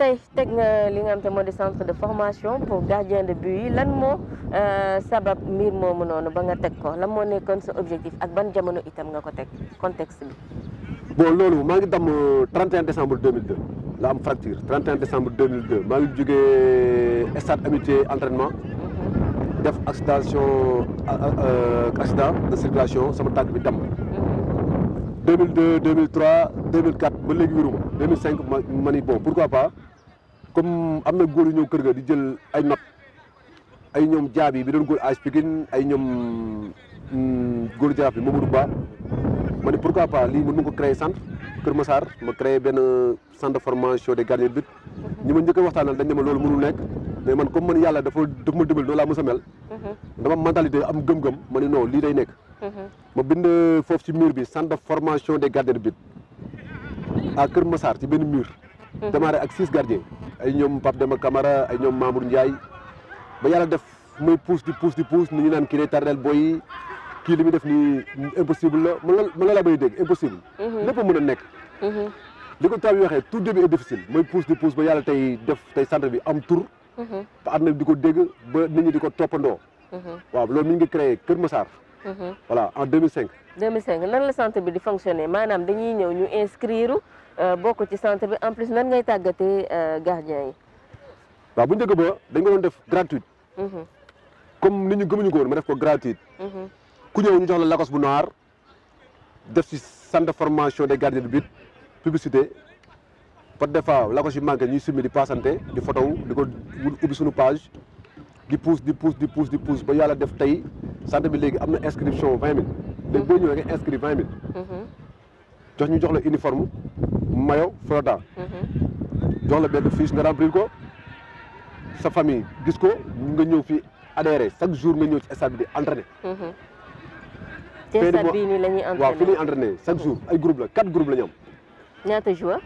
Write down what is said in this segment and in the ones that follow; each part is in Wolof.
tey teg li centre de formation pour gardien de but lan lan euh sabab mir moomu noonu ba nga teg ko lan moo nekkoon sa objectif ak ban jamono itam nga ko contexte bi. bon loolu ma ngi dam 31 décembre 2002 la am fracture 31 décembre 2002 maa ngi jógee euh, stade amitié entraînement mhm. def euh, euh accident de circulation sama tag bi dam 2002 2003 2004 ba légui wéruma 2005 ma bon pourquoi pas. comme am na góor yu ñëw kër ga di jël ay not ay ñoom jaabi bi doon góor AS Pikine ay ñoom mm, góor jaraaf bi Mamadou Ba ma ne pourquoi pas lii mën nga ko créer centre Kër Massar ma créé benn centre de formation des gardiens de but ñi ma njëkk a dañ ne ma loolu mënul nekk mais man comme man yàlla dafa dafa ma dimbali noonu laa mës a mel mhm. dama am mentalité am gëm-gëm ma ne non lii day nekk mhm. ma bind foofu ci mur bi centre de formation des gardiens de but à Kër Massar ci benn mur mhm. démarré ak six gardiens ay ñoom Pape Demba Camara ay ñoom Mamour Ndiaye ba yàlla def muy pousse di pousse di pousse ni ñu naan kii day tardel booy kii li muy def nii impossible la man la man la laa bay dégg impossible. Mhm. lépp mën a nekk. Mhm. li ko taw yi waxee tout début est difficile mooy pousse di pousse ba yàlla tey def tey centre bi am tour ba mhm. àdduna bi di ko dégg ba nit ñi di ko toppandoo. waaw loolu mi ngi créé Kër Massar. voilà en 2005. 2005 nan la centre bi di fonctionner maanaam Euh, beaucoup ci centre bi en plus nan ngay tagaté euh, gardien yi. waaw bu njëkk ba dañ ko doon def gratuite. Mhm. comme niñu gëmuñu ko won ma def ko gratuite. Mhm. ku ñew ñu jox la lakos bu noir def ci centre de formation des gardiens de but publicité par de fois lakos yu manqué ñuy summi di passanté di photo di ko ubbi suñu page di pousse di pouce di pouce di pouce ba yàlla def tay centre bi légui amna inscription 20000 mille. bo boo ñëwee inscrit vingt mille. Mhm. jox ñu jox la uniforme. maillot flottant jox la benn fiche nga remplir ko sa famille gis ko nga ñëw fi adhéré chaque jour nga ñëw ci stade bi di entraîné waaw fi lañuy entraîné chaque jour ay groupe la quatre groupes la ñu am ñaata joueurs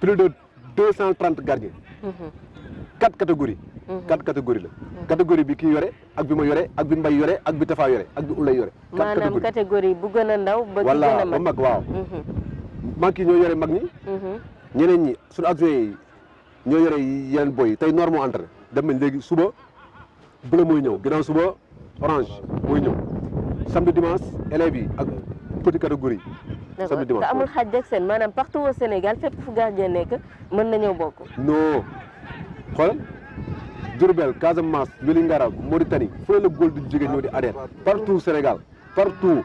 plus de deux cent trente gardiens mhm. quatre catégories mhm. quatre catégories la catégorie bi kii yore ak bi ma yore ak bi mbay yore ak bi tafaa yore ak bi ulay yore maanaam catégorie bu gën a ndaw ba gën a mag waaw mhm. banque ñoo yoré mag hmm ñeneen ñi suñu adjoint yi ñoo yoré yeen boy tay normo noor entré dem nañ légui suba bleu moy ñew ginnaaw suba orange moy ñew samedi dimanche élève yi ak petite catégorie samedi dimanche amul xaj dek sen manam partout au Sénégal fep fu gardien nek mën na ñew bokk non xoolal Diourbel Casamance Vélingara Mauritanie fo le la góol di jóge di adet partout au Sénégal partout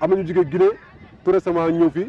am nañu jóge Guinée tout récemment ñew fi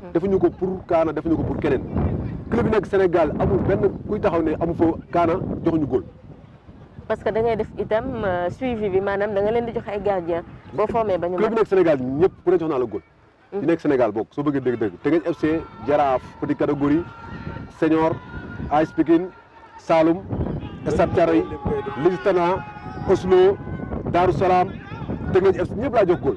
Mm-hmm. defuñu ko pour Kaana defuñu ko pour keneen club yi nag Sénégal amul benn kuy taxaw ne amu fa Kaana joxuñu góol. parce que da ngay def itam euh, suivi bi maanaam da nga leen di jox ay gardien boo formé ba ñu. club yi nag Sénégal ñëpp ku ne jox naa la góol. yi mm-hmm. nekk Sénégal boog soo bëggee dëgg-dëgg Teungueth FC Jaraaf petite catégorie senior AS Pikine Saloum Stade Thiaroye Lusitana Oslo Darou Salam Teungueth FC ñëpp laa jox góol.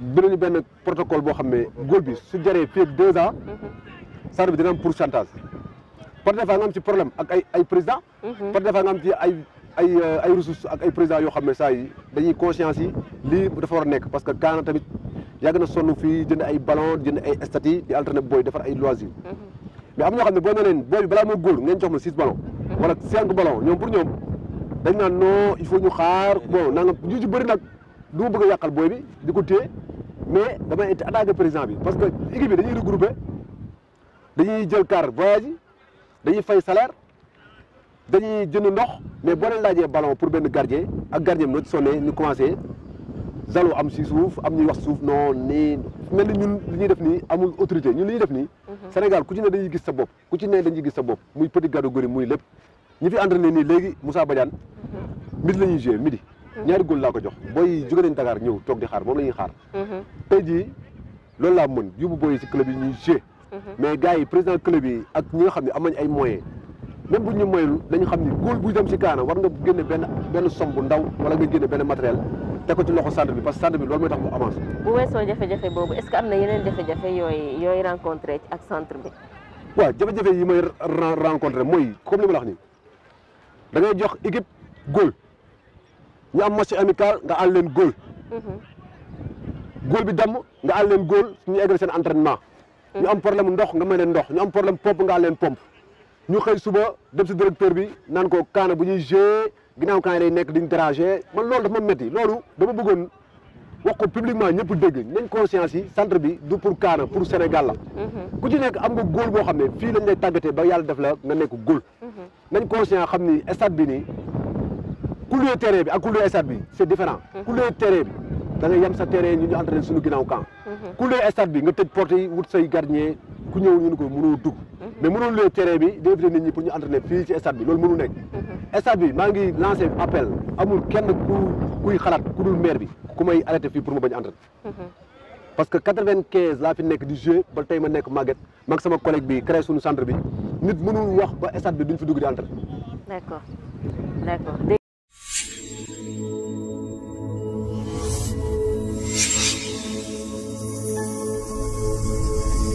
binañu benn protocole boo xam ne góol bi su jaree fii sar mhm. bi dina am pourcentage par des fois nga am problème ak ay ay président mhm. par des fois nga ay ay euh, ay ak ay président yoo xam ne saa dañuy conscience lii dafa war nekk parce que Kaana tamit yàgg na sonn fii jënd ay ballon jënd ay statut di alterner booy defar ay loisir mhm. mais am ñoo xam ne boo ne leen booy bi balaa moo góol ngeen jox ma six ballon wala cinq ballon ñoom pour ñoom dañ naan non il faut ñu xaar bon nanga ñu ci bëri nag du ma bëgg a yàqal booy bi di ko téye mais été attaqué président bi parce que équipe dañuy regroupé dañuy jël car voyage dañuy fay salaire dañuy jënd ndox mais salaire. leen laajee ballon pour ben gardien ak gardien commencé zalo am si souf am ñuy wax souf non ni mel ñun li ñuy def ni amul autorité ñun li ñuy def ni mhm. Sénégal ku ci ne dañuy gis sa bop ku ci ne dañuy gis sa bop muy petit ont muy lépp ñi fi entraîné ni Nous Moussa Badiane mhm. midi lañuy midi. ñaari góol laa ko jox mm-hmm. booy jóge nañ Dakar ñëw toog di xaar moom la ñuy xaar mm-hmm. tey jii loolu laa mën yóbbu booy si club yi ñuy jouer mm-hmm. mais gars yi président club yi ak ñi nga xam ne am ay moyens même bu ñu moyul dañu xam ni góol bu dem si kaana war nga génne benn benn somme bu ndaw wala nga génne benn matériel teg ko ci loxo centre bi parce que centre bi loolu mooy tax mu avance bu weesoo jafe-jafe boobu est-ce que am na yeneen jafe-jafe yooyu yooyu ak centre bi waaw jafe-jafe yi may rencontré mooy comme li ma da ngay jox équipe góol ñu am match amical nga ànd leen góol. Mhm. góol bi damm nga ànd leen góol ñu eggal seen entraînement. ñu am problème ndox nga may leen ndox ñu am problème pompe nga ànd leen pompe. ñu xëy suba dem si directeur bi naan ko kaana bu ñuy jouer ginnaaw kaan yi day nekk di ñu déranger man loolu dafa ma métti loolu dama bëggoon wax ko publiquement ñëpp dégg nañ conscience yi centre bi du pour kaana pour Sénégal la. Mhm. ku ci nekk am nga góol boo xam ne fii lañ lay tàggatee ba yàlla def la nga nekk góol. Mhm. nañ conscient xam ni stade bi nii. couleur terre bi ak couleur stade bi c'est est différent mhm. couleur terre bi da nga yam sa terre ñu ñu entraîné suñu ginaaw camp mhm. couleur stade bi nga tej porte yi wut say gardien ku ñew ñu ko mëno dugg mhm. mais mënoo le terre bi di invité nit ñi pour ñu entraîné fi ci stade bi lool mënu nek stade bi ma ngi lancer appel amul kenn ku kuy xalat ku dul maire bi ku may arrêter fi pour ma bañ entraîné parce que 95 la fi nek di jouer ba tay ma nek màgget mak sama collègue bi créé suñu centre bi nit mënul wax ba stade bi duñ fi dugg di entraîné d'accord d'accord